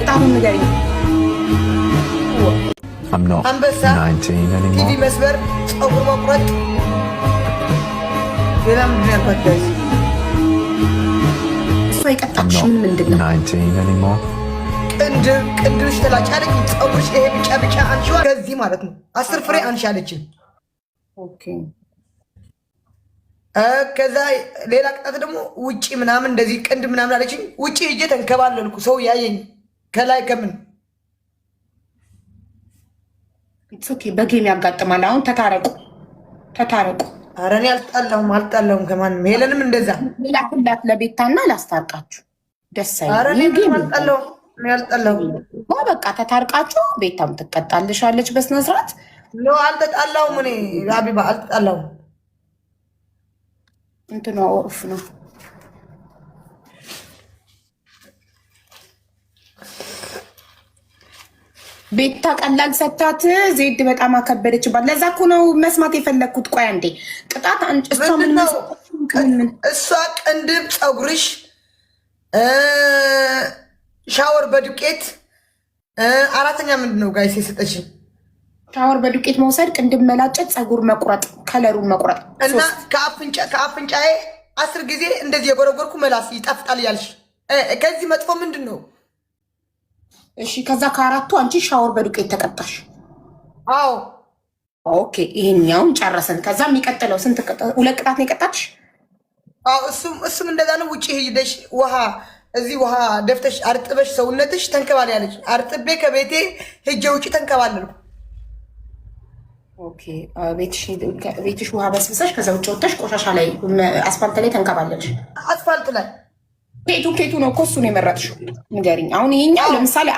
ቅጣቱን ንገሪኝ። አንበሳ፣ ቲቪ መስበር፣ ፀጉር መቁረጥ፣ ሌላ ምንድን ያልኳት ጋይዝ እሷ የቀጣችሽ ምን ምንድን ነው? ቅንድብ ቅንድብሽ ተላጭ አለኝ። ፀጉርሽ ይሄ ብቻ ብቻ አንሺዋ ከዚህ ማለት ነው አስር ፍሬ አንሺ አለችኝ። ከዛ ሌላ ቅጣት ደግሞ ውጪ ምናምን እንደዚህ ቅንድብ ምናምን አለችኝ። ውጪ እጄ ተንከባለልኩ ሰው ያየኝ ከላይ ከምን ኦኬ፣ በጌም ያጋጥማል። አሁን ተታረቁ ተታረቁ። ኧረ እኔ አልጣለሁም አልጣለሁም ከማንም ሄለንም እንደዛ ላኩላት ለቤታና ላስታርቃችሁ ደስ አልጣለሁም። በቃ ተታርቃችሁ ቤታም ትቀጣልሻለች በስነ ስርዓት። አልተጣላሁም እኔ ሀቢባ አልተጣላሁም። እንትኗ ወርፍ ነው ቤታ ቀላል ሰታት ዜድ በጣም አከበደችባት። ለዛ እኮ ነው መስማት የፈለግኩት። ቆይ አንዴ ቅጣት እሷ ቅንድብ፣ ፀጉርሽ፣ ሻወር በዱቄት አራተኛ ምንድን ነው ጋይስ የሰጠችኝ? ሻወር በዱቄት መውሰድ፣ ቅንድብ መላጨት፣ ፀጉር መቁረጥ፣ ከለሩን መቁረጥ እና ከአፍንጫዬ አስር ጊዜ እንደዚህ የጎረጎርኩ መላስ ይጣፍጣል ያልሽ ከዚህ መጥፎ ምንድን ነው? እሺ ከዛ ከአራቱ አንቺ ሻወር በዱቄት ተቀጣሽ። አዎ ኦኬ፣ ይሄኛውን ጨረሰን። ከዛ የሚቀጥለው ስንት ሁለት ቅጣት ነው የቀጣትሽ? አዎ እሱም እሱም እንደዛ ነው። ውጭ ሄደሽ ውሃ እዚህ ውሃ ደፍተሽ አርጥበሽ ሰውነትሽ ተንከባል ያለች አርጥቤ ከቤቴ ሄጄ ውጪ ተንከባለሉ። ኦኬ ቤትሽ ውሃ በስብሰሽ ከዛ ውጭ ወጥተሽ ቆሻሻ ላይ አስፋልት ላይ ተንከባለች? አስፋልት ላይ ኬቱ ኬቱ ነው እኮ እሱን የመረጥሽው ንገሪኝ። አሁን ይሄኛው ለምሳሌ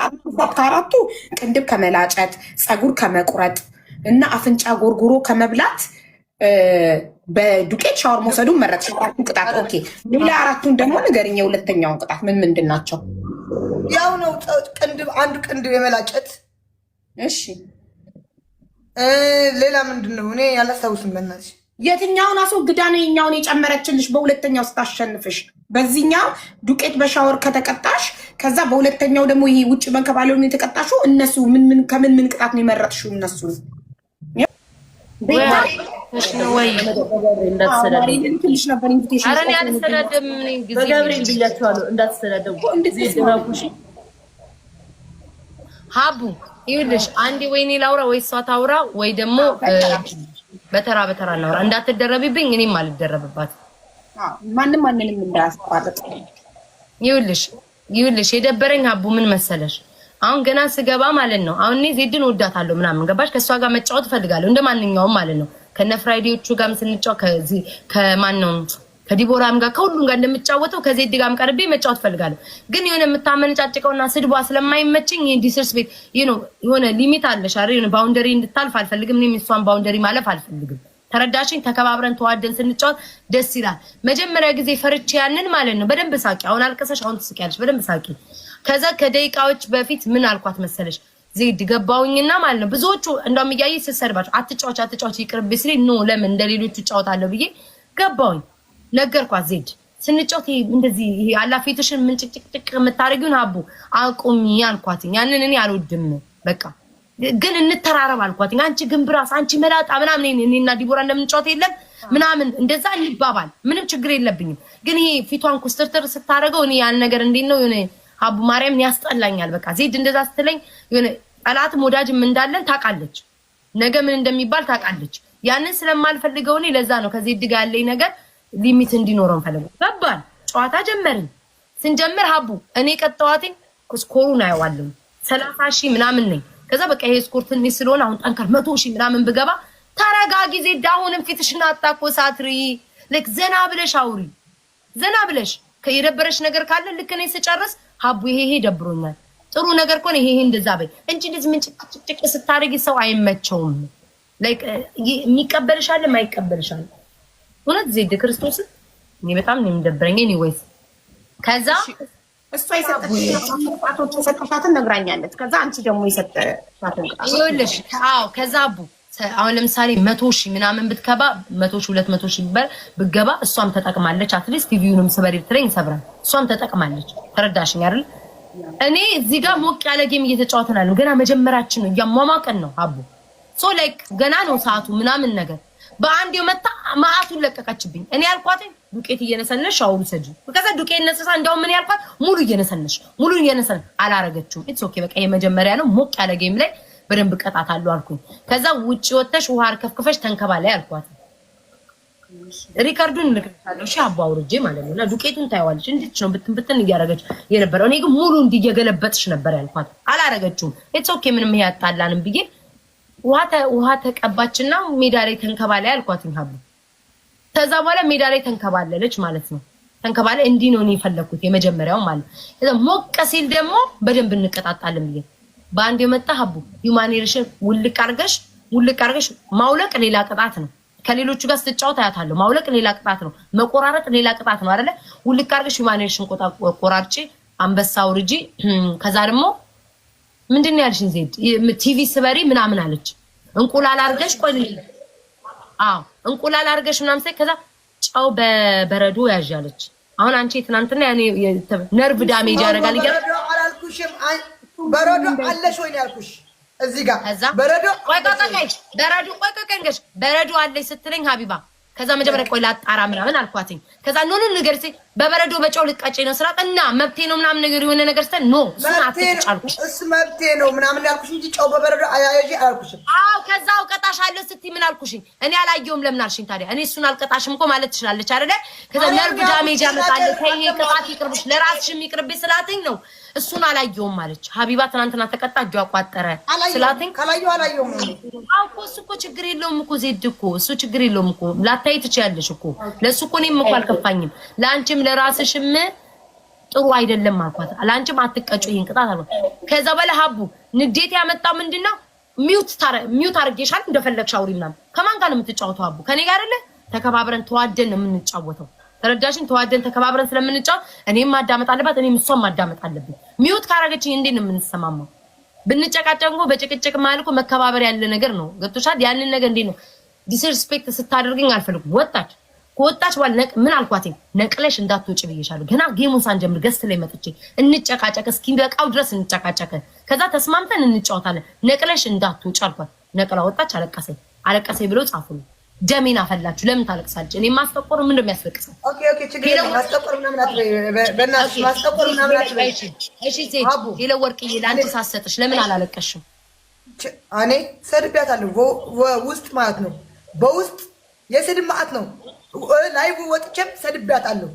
ከአራቱ ቅንድብ ከመላጨት፣ ፀጉር ከመቁረጥ እና አፍንጫ ጎርጉሮ ከመብላት በዱቄት ሻወር መውሰዱን መረጥሽ። አራቱን ቅጣት ኦኬ። ሌላ አራቱን ደግሞ ንገሪኝ። የሁለተኛውን ቅጣት ምን ምንድን ናቸው? ያው ነው ቅንድብ፣ አንዱ ቅንድብ የመላጨት እሺ። ሌላ ምንድን ነው? እኔ ያላስታውስም። በእናትሽ የትኛውን አስወግዳ ነው የኛውን የጨመረችልሽ በሁለተኛው ስታሸንፍሽ በዚህኛው ዱቄት በሻወር ከተቀጣሽ ከዛ በሁለተኛው ደግሞ ይሄ ውጭ መንከባለ የተቀጣሹ እነሱ ከምን ምን ቅጣት ነው የመረጥሹ? እነሱ ሀቡ ይኸውልሽ፣ አንዴ ወይኔ ላውራ ወይ እሷ ታውራ ወይ ደግሞ በተራ በተራ እናውራ። እንዳትደረቢብኝ እኔም አልደረብባት ማንም ማንንም እንዳያስቋርጥ። ይውልሽ ይውልሽ የደበረኝ አቡ ምን መሰለሽ፣ አሁን ገና ስገባ ማለት ነው። አሁን እኔ ዜድን ወዳታለሁ ምናምን ገባሽ፣ ከእሷ ጋር መጫወት እፈልጋለሁ እንደ ማንኛውም ማለት ነው። ከነ ፍራይዴዎቹ ጋርም ስንጫወት ከዚህ ከማን ነው ከዲቦራም ጋር ከሁሉም ጋር እንደምጫወተው ከዜድ ጋርም ቀርቤ መጫወት እፈልጋለሁ። ግን የሆነ የምታመነጫጭቀውና ስድቧ ስለማይመችኝ ይህ ዲስርስ ቤት ነው የሆነ ሊሚት አለሽ አይደል? ባውንደሪ እንድታልፍ አልፈልግም። እኔም እሷን ባውንደሪ ማለፍ አልፈልግም። ተረዳሽኝ? ተከባብረን ተዋደን ስንጫወት ደስ ይላል። መጀመሪያ ጊዜ ፈርቼ ያንን ማለት ነው። በደንብ ሳቂ። አሁን አልቀሰሽ፣ አሁን ትስቂያለሽ። በደንብ ሳቂ። ከዛ ከደቂቃዎች በፊት ምን አልኳት መሰለሽ ዜድ ገባውኝና ማለት ነው ብዙዎቹ እንደውም እያየ ስትሰርባቸው አትጫዎች አትጫዎች ይቅርብ ስል ኖ ለምን እንደሌሎቹ እጫወታለሁ ብዬ ገባውኝ ነገርኳት። ዜድ ስንጫወት እንደዚህ ይሄ አላፊትሽን ምን ጭቅጭቅጭቅ የምታደርጊውን አቡ አቁሚ አልኳትኝ። ያንን እኔ አልወድም በቃ ግን እንተራረብ አልኳት። አንቺ ግንብራስ፣ አንቺ መላጣ ምናምን እኔና ዲቦራ እንደምንጫወት የለም ምናምን እንደዛ ይባባል ምንም ችግር የለብኝም። ግን ይሄ ፊቷን ኩስትርትር ስታደርገው እኔ ያን ነገር እንዴት ነው የሆነ አቡ ማርያም ያስጠላኛል። በቃ ዜድ እንደዛ ስትለኝ የሆነ ጠላትም ወዳጅም እንዳለን ታውቃለች። ነገ ምን እንደሚባል ታውቃለች። ያንን ስለማልፈልገው እኔ ለዛ ነው ከዜድ ጋር ያለኝ ነገር ሊሚት እንዲኖረው እንፈልገው ገባል። ጨዋታ ጀመርን። ስንጀምር ሀቡ እኔ ቀጠዋቴ ስኮሩን አየዋለሁ ሰላሳ ሺህ ምናምን ነኝ ከዛ በቃ ይሄ ስኮርት ትንሽ ስለሆነ አሁን ጠንከር መቶ ሺህ ምናምን ብገባ ተረጋ ጊዜ ዳሁንም ፊትሽን አታኮ ሳትሪ ልክ ዘና ብለሽ አውሪ። ዘና ብለሽ የደበረሽ ነገር ካለ ልክ እኔ ስጨርስ ሀቡ ይሄ ይሄ ደብሮኛል፣ ጥሩ ነገር ከሆነ ይሄ እንደዛ በይ እንጂ ልጅ ምን ጭቅጭቅ ስታደርጊ ሰው አይመቸውም። ላይክ የሚቀበልሽ አለ የማይቀበልሽ አለ። እውነት ዜድ ክርስቶስን እኔ በጣም ነው የሚደብረኝ። ወይስ ከዛ እሷ የሰጠቶች የሰጠሻትን ነግራኛለች። ከዛ አንቺ ደግሞ የሰጠሻትን አዎ ከዛ አቡ አሁን ለምሳሌ መቶ ሺ ምናምን ብትከባ መቶ ሺ ሁለት መቶ ሺ በር ብገባ እሷም ተጠቅማለች። አትሊስት ቲቪውንም ስበር ትሬን ሰብራል። እሷም ተጠቅማለች። ተረዳሽኝ አይደል? እኔ እዚህ ጋር ሞቅ ያለ ጌም እየተጫወትን አለ። ገና መጀመራችን ነው፣ እያሟሟቀን ነው አቡ ሶ ላይክ ገና ነው ሰዓቱ ምናምን ነገር በአንድ የመታ ማአቱን ለቀቀችብኝ። እኔ ያልኳትኝ ዱቄት እየነሰነሽ አሁን ሰጂ። ከዛ ዱቄት ነሰሳ እንዲያውም ምን ያልኳት ሙሉ እየነሰነሽ ሙሉ እየነሰነ አላረገችውም። ኢትስ ኦኬ በቃ የመጀመሪያ ነው። ሞቅ ያለ ጌም ላይ በደንብ ቀጣት አሉ አልኩኝ። ከዛ ውጪ ወተሽ ውሃ አርከፍክፈሽ ተንከባ ላይ አልኳት። ሪካርዱን እንልክልሻለሁ እሺ፣ አባ አውርጄ ማለት ነው። እና ዱቄቱን ታየዋለች እንድች ነው ብትን ብትን እያረገች የነበረው። እኔ ግን ሙሉ እንዲህ እየገለበጥሽ ነበር ያልኳት። አላረገችውም። ኢትስ ኦኬ ምንም ይሄ አጣላንም ብዬ ውሃ ተቀባችና ሜዳ ላይ ተንከባ ላይ አልኳትኝ ሀቡ ከዛ በኋላ ሜዳ ላይ ተንከባለለች ማለት ነው። ተንከባለ እንዲህ ነው የፈለግኩት የመጀመሪያው ማለት ነው። ሞቀ ሲል ደግሞ በደንብ እንቀጣጣለን ብዬ በአንድ የመጣ ሀቡ ዩማኔሬሽን ውልቅ አርገሽ ውልቅ አርገሽ ማውለቅ ሌላ ቅጣት ነው። ከሌሎቹ ጋር ስትጫወት አያታለሁ። ማውለቅ ሌላ ቅጣት ነው። መቆራረጥ ሌላ ቅጣት ነው አይደለ? ውልቅ አርገሽ ዩማኔሬሽን ቆራርጪ፣ አንበሳ ውርጂ። ከዛ ደግሞ ምንድን ነው ያልሽኝ? ዜድ ቲቪ ስበሪ ምናምን አለች። እንቁላል አርገሽ ቆይ አዎ እንቁላል አድርገሽ ምናምን ሳይ ከዛ ጨው በበረዶ ያዣለች። አሁን አንቺ ትናንትና ያኔ ነርቭ ዳሜጅ ያደርጋል። አላልኩሽም? በረዶ አለሽ ወይ ያልኩሽ እዚህ ጋር በረዶ በረዶ ቆይ ቆይ እንገሽ በረዶ አለሽ ስትለኝ ሀቢባ ከዛ መጀመሪያ ቆይ ላጣራ ምናምን አልኳትኝ። ከዛ ኖ ንገር በበረዶ በጨው ልቃጭ ነው ስራ እና መብቴ ነው ምናምን ነገር የሆነ ነገር ስተ ኖ እስ መብቴ ነው ምናምን ያልኩሽ እንጂ ጨው በበረዶ አያያዥ አልኩሽ። አዎ ከዛው አውቀጣሽ አለ ስቲ ምን አልኩሽኝ? እኔ አላየውም ለምን አልሽኝ? ታዲያ እኔ እሱን አልቀጣሽም እኮ ማለት ትችላለች አይደለ? ከዛ ነርቭ ዳሜጅ ያመጣል። ከይሄ ቅጣት ይቅርብሽ፣ ለራስሽ የሚቅርብ ስላትኝ ነው እሱን አላየውም አለች። ሀቢባ ትናንትና ተቀጣ፣ እጇ አቋጠረ ስላትኝ ካላየው አላየውም። አዎ እኮ እሱ እኮ ችግር የለውም እኮ ዜድ እኮ እሱ ችግር የለውም እኮ ላታይ ትችያለሽ እኮ ለእሱ እኮ እኔም እኮ አልከፋኝም ለአንቺም ለአንቺም ለራስሽም ጥሩ አይደለም አልኳት። ለአንቺም አትቀጩ ይህን ቅጣት አልኳት። ከዛ በኋላ ሀቡ ንዴት ያመጣው ምንድነው? ሚውት ታረ ሚውት አድርጌሻል እንደፈለግሽ አውሪ ምናምን። ከማን ጋር ነው የምትጫወተው ሀቡ? ከኔ ጋር አይደለ? ተከባብረን ተዋደን ነው የምንጫወተው። ተረዳሽን? ተዋደን ተከባብረን ስለምንጫወት እኔም ማዳመጥ አለባት፣ እኔም እሷም ማዳመጥ አለብኝ። ሚውት ካረገችኝ እንዴት ነው የምንሰማማው? ብንጨቃጨቅ እኮ በጭቅጭቅ መሀል መከባበር ያለ ነገር ነው። ገብቶሻል? ያንን ነገር እንዴት ነው ዲስሪስፔክት ስታደርግኝ አልፈልግም። ወጣች ከወጣች በኋላ ምን አልኳትኝ? ነቅለሽ እንዳትወጪ ብዬሻለሁ። ገና ጌሙን ሳንጀምር ገስት ላይ መጥቼ እንጨቃጨቅ፣ እስኪበቃው ድረስ እንጨቃጨቅ፣ ከዛ ተስማምተን እንጫወታለን። ነቅለሽ እንዳትወጪ አልኳት። ነቅላ ወጣች። አለቀሰኝ አለቀሰኝ ብሎ ጻፉልኝ። ደሜን አፈላችሁ። ለምን ታለቅሳለች? እኔ ማስጠቆር ምን እንደሚያስለቅሳል? ኦኬ ኦኬ፣ ችግር የለም። ማስጠቆር ምናምን አትበይ፣ በእናትሽ ማስጠቆር ምናምን አትበይ። እሺ ዜድ፣ ሌላ ወርቅዬ ለአንቺ ሳሰጥሽ ለምን አላለቀሽም? እኔ ሰድቢያታለሁ፣ ውስጥ ማለት ነው በውስጥ የስድብ ማዕት ነው። ላይቭ ወጥቼም ሰድቤያታለሁ።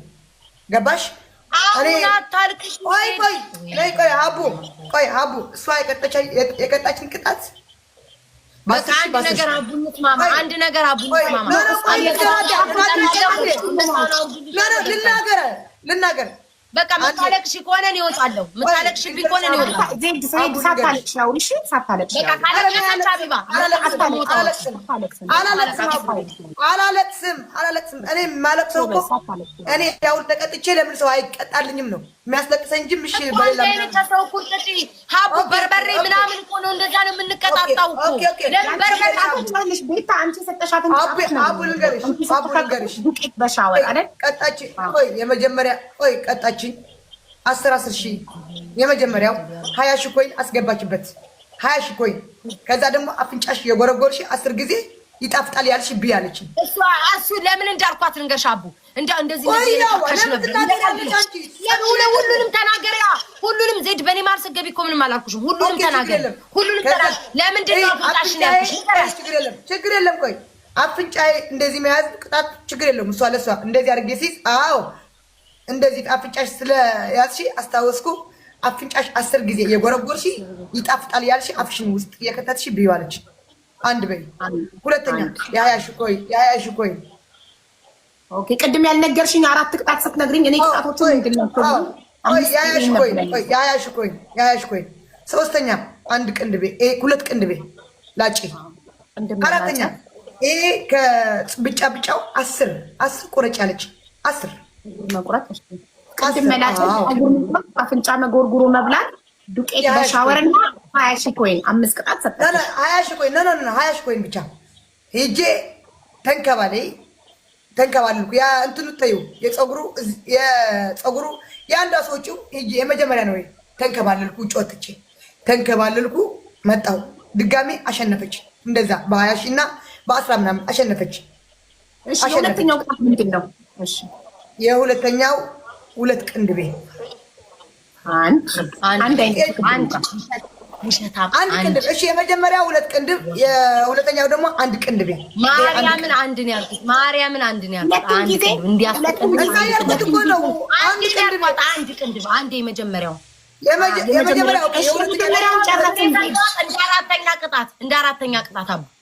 ገባሽ? ቆይ ቆይ ቆይ ቆይ እሷ የቀጣችን ቅጣት አንድ ነገር ልናገር ልናገር በቃ የምታለቅሽ ከሆነ እኔ እወጣለሁ። የምታለቅሽ ከሆነ እኔ እወጣለሁ። ሳታለቅሽ ነው። እሺ ሳታለቅሽ በቃ ካለቅሽ አቢባ አላለቅስም፣ አላለቅስም። እኔ የማለቅሰው እኮ እኔ ያው ተቀጥቼ ለምን ሰው አይቀጣልኝም ነው የሚያስለቅሰኝ እንጂ ምሽ ሀቡ በርበሬ ምናምን እኮ ነው እንደዛ ነው የምንቀጣጣው እኮ ለምን በርበሬ ቤታ አንቺ የሰጠሻትን አቡ ልንገርሽ፣ አቡ ልንገርሽ ዱቄት በሻወር አይደል ቀጣች። ቆይ የመጀመሪያ ቆይ ቀጣች ያመጣችን አስር አስር ሺ የመጀመሪያው ሀያ ሺ ኮይን አስገባችበት። ሀያ ሺ ኮይን ከዛ ደግሞ አፍንጫሽ የጎረጎርሽ አስር ጊዜ ይጣፍጣል ያልሽ ብ ያለች እሱ ለምን እንዳልኳት ንገሻቡ እንደዚህሁሉንም ተናገር ሁሉንም ተናገሪ። ሁሉንም ዜድ በእኔ ማር ስትገቢ እኮ ምንም አላልኩሽም። ሁሉንም ተናገሪ። ሁሉንም ለምንድን ነው አፍንጫሽን ያልኩሽ? ችግር የለም ቆይ አፍንጫ እንደዚህ መያዝ ቅጣት ችግር የለም እሷ ለእሷ እንደዚህ አድርጌ ሲይዝ አዎ እንደዚህ አፍንጫሽ ስለያዝሽ አስታወስኩ። አፍንጫሽ አስር ጊዜ የጎረጎርሽ ይጣፍጣል ያልሽ አፍሽን ውስጥ የከተትሽ ብዩዋለች። አንድ በይ። ሁለተኛ የሀያ ቆይ፣ የሀያ ቆይ። ኦኬ፣ ቅድም ያልነገርሽኝ አራት ቅጣት ስትነግሪኝ እኔ ቅጣቶቹ ምንድን ናቸው? የሀያ ሺህ ቆይ፣ የሀያ ቆይ፣ የሀያ ቆይ። ሶስተኛ አንድ ቅንድቤ፣ ሁለት ቅንድቤ ላጭ። አራተኛ ይሄ ከብጫ ብጫው አስር አስር ቁረጭ ያለች አስር መቁረጥ አፍንጫ መጎርጉሮ መብላት ዱቄት በሻወር ሀያ ሺህ ኮይን አምስት ቅጣት ሰጠ። ሀያ ሺህ ኮይን ነ ሀያ ሺህ ኮይን ብቻ ሄጄ ተንከባለ ተንከባልኩ። ያ እንትኑ ተዩ የፀጉሩ የፀጉሩ የአንድ አስወጪው ሄጄ የመጀመሪያ ነው ተንከባለልኩ። ውጭ ወጥቼ ተንከባለልኩ። መጣሁ ድጋሜ አሸነፈች። እንደዛ በሀያ ሺህ እና በአስራ ምናምን አሸነፈች። ሁለተኛው ቅጣት ምንድን ነው? የሁለተኛው ሁለት ቅንድቤ አንድ አንድ አንድ የመጀመሪያው ሁለት ቅንድብ፣ የሁለተኛው ደግሞ አንድ ቅንድቤ። ማርያምን አንድ ነው ያልኩት። ማርያምን አንድ ነው ያልኩት። አንድ ቅንድብ አንድ ቅንድብ፣ አንድ ቅንድብ፣ አንድ የመጀመሪያው የመጀመሪያው እንደ አራተኛ ቅጣት፣ እንደ አራተኛ ቅጣት አቡ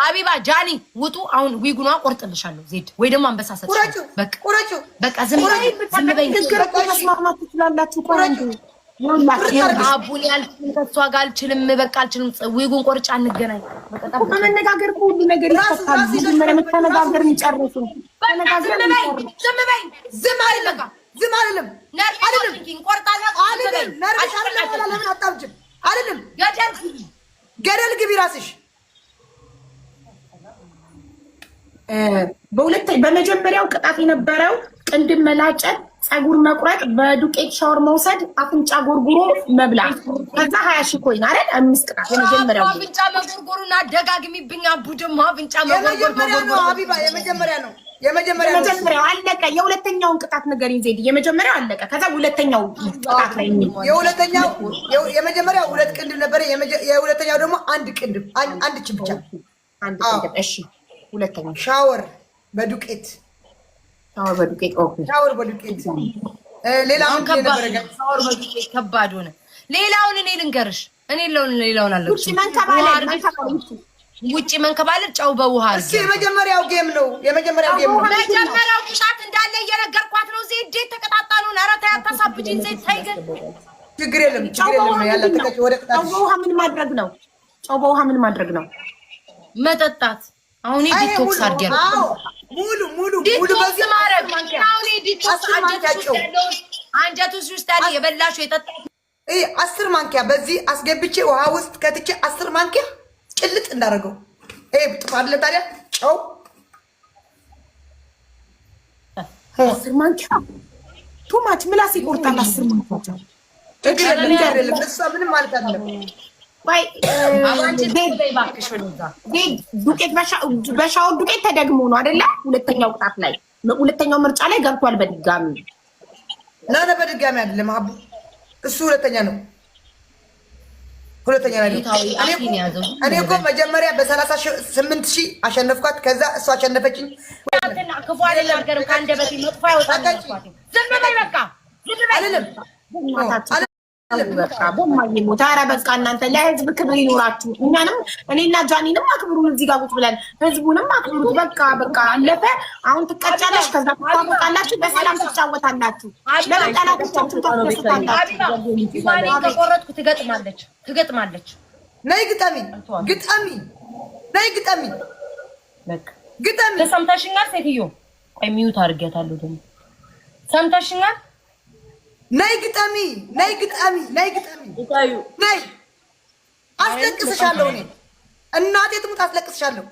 ሀቢባ ጃኒ ውጡ። አሁን ዊጉኗ ቆርጥልሻለሁ። ዜድ ወይ ደግሞ አንበሳ ሰጥሻለሁ። በቃ ዝም በይ። መስማማት ትችላላችሁ። አቡን ከእሷ ጋር አልችልም። በቃ አልችልም። ዊጉን ቆርጫ እንገናኝ። በመነጋገር ሁሉ ነገር ይፈታል። መጀመሪያ መተነጋገር ዝም ዝም ገደል ግቢ ራስሽ በመጀመሪያው ቅጣት የነበረው ቅንድም መላጨት፣ ፀጉር መቁረጥ፣ በዱቄት ሻወር መውሰድ፣ አፍንጫ ጎርጉሮ መብላት። ከዛ ሀያ ሺ ኮይን አረ አምስት ቅጣት የመጀመሪያው አፍንጫ መጎርጎሩ መጎርጎሩን አደጋግሚብኝ። ቡድም አፍንጫ መጎርጎር ሀቢባ የመጀመሪያ ነው። የመጀመሪያው አለቀ። የሁለተኛውን ቅጣት ንገሪኝ ዜድ። የመጀመሪያው አለቀ። ከዛ ሁለተኛው ቅጣት ላይ የሁለተኛው የመጀመሪያው ሁለት ቅንድም ነበረ። የሁለተኛው ደግሞ አንድ ቅንድም አንድ ች ብቻ። እሺ ሁለተኛ ሻወር በዱቄት ሻወር በዱቄት ኦኬ፣ ሻወር በዱቄት ሌላውን ከባድ ሆነ። ሌላውን እኔ ልንገርሽ፣ እኔ ሌላውን ሌላውን አለ ውጭ መንከባለል ውጭ መንከባለል ጨው በውሃ እስኪ የመጀመሪያው ጌም ነው። የመጀመሪያው ጌም ነው። መጀመሪያው ቁሻት እንዳለ እየነገርኳት ነው። ዜ እንዴት ተቀጣጣሉ ነው። ኧረ ተይ አታሳብጂኝ። ዜ ታይገን ችግር የለም ችግር የለም ያለ ተቀጭ ወደ ቅጣት ጨው በውሃ ምን ማድረግ ነው? ጨው በውሃ ምን ማድረግ ነው? መጠጣት አሁን ዲቶክስ አድርጊያለሁ። ሙሉ ሙሉ ሙሉ በዚህ ማረግ አሁን ዲቶክስ አንጀቱስ ውስጥ ያለ የጠጣ የጠጣሽው አስር ማንኪያ በዚህ አስገብቼ ውሃ ውስጥ ከትቼ አስር ማንኪያ ጭልጥ እንዳደረገው ይሄ ጥፋለ ታዲያ ጨው አስር ማንኪያ ቱማች ምላስ ይቆርጣል። አስር ማንኪያ ጨው እግሬ ምንም ማለት አይደለም። ዱቄት በሻወር ዱቄት ተደግሞ ነው አይደለ? ሁለተኛው ቅጣት ላይ ሁለተኛው ምርጫ ላይ ገብቷል። በድጋሚ ናነ በድጋሚ አይደለም አቡ እሱ ሁለተኛ ነው። ሁለተኛ ላይ እኔ እኮ መጀመሪያ በሰላሳ ስምንት ሺህ አሸነፍኳት። ከዛ እሱ አሸነፈችኝ። ክፉ አይደለም። በማየ ሞት ኧረ በቃ እናንተ ለህዝብ ክብር ይኖራችሁ። እኛንም እኔና ጃኒንም አክብሩን። እዚህ ጋር ቁጭ ብለን ህዝቡንም አክብሩት። በቃ በቃ አለፈ። አሁን ትቀጫለሽ፣ ከዛ ትታወቃላችሁ፣ በሰላም ትጫወታላችሁ። ትገጥማለች ትገጥማለች። ነይ ግጠሚ ግጠሚ፣ ነይ ግጠሚ ግጠሚ። ሴትዮ? ቆይ ሚዩት ደግሞ ሰምተሽኛል ነይ ግጠሚ፣ ነይ ግጠሚ፣ ነይ ግጠሚ፣ ነይ አስለቅስሻለሁ። እኔ እናቴ ትሙት አስለቅስሻለሁ።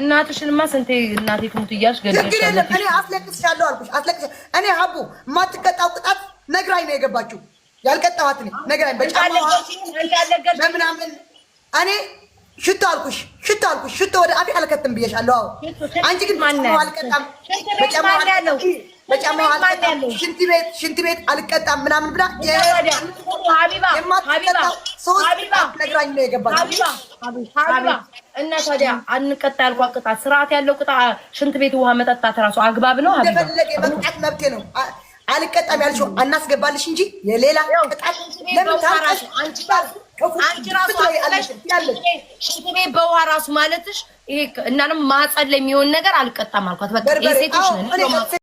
እናትሽንማ ስንቴ እናቴ ትሙት እያልሽ ችግር የለም እኔ አስለቅስሻለሁ አልኩሽ። አስለቅስ እኔ ሀቡ የማትቀጣው ቅጣት ነግራኝ ነው የገባችው። ያልቀጣኋት እኔ ነግራኝ በጫማዋ በምናምን እኔ ሽቶ አልኩሽ፣ ሽቶ አልኩሽ፣ ሽቶ ወደ አፌ አልከትም ብዬሻለሁ። አዎ አንቺ ግን አልቀጣም በጫማ ለጫማው ሽንት ቤት ሽንት ቤት አልቀጣም ምናምን ብላ የማትቀጣ ሶስት ነግራኝ ነው የገባኝ። እና ታዲያ አንቀጣ ቅጣት፣ ስርዓት ያለው ሽንት ቤት ውሃ መጠጣት አግባብ ነው። እንደፈለገ መቅጣት መብቴ ነው። አልቀጣም ያልሽው አናስገባልሽ እንጂ የሌላ ቅጣት ቤት በውሃ ራሱ ማለትሽ ይሄ እናንም ማጸል የሚሆን ነገር አልቀጣም አልኳት። በቃ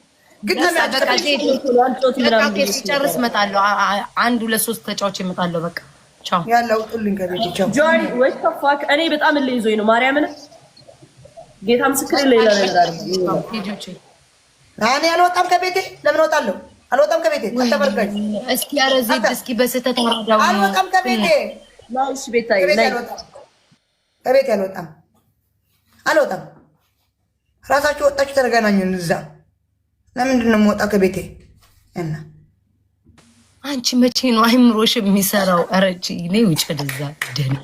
ሲጨርስ እመጣለሁ። አንድ ሁለት ሶስት ተጫዋች እመጣለሁ። በቃ ቻው። እኔ በጣም እልህ ይዞኝ ነው ማርያምን ጌታ ምስክር ሌላ እኔ አልወጣም ከቤቴ። ለምን እወጣለሁ? አልወጣም ከቤቴ። አተበርጋኝ እስኪ ያረዚ እስኪ በስህተት አልወጣም ከቤቴ። ከቤቴ አልወጣም አልወጣም። ራሳችሁ ወጣችሁ ተረጋናኝ እዛ ለምንድን ነው የምወጣ ከቤቴ? እና አንቺ መቼ ነው አይምሮሽ የሚሰራው? አረጭ ኔ ውጭ ደዛ ደን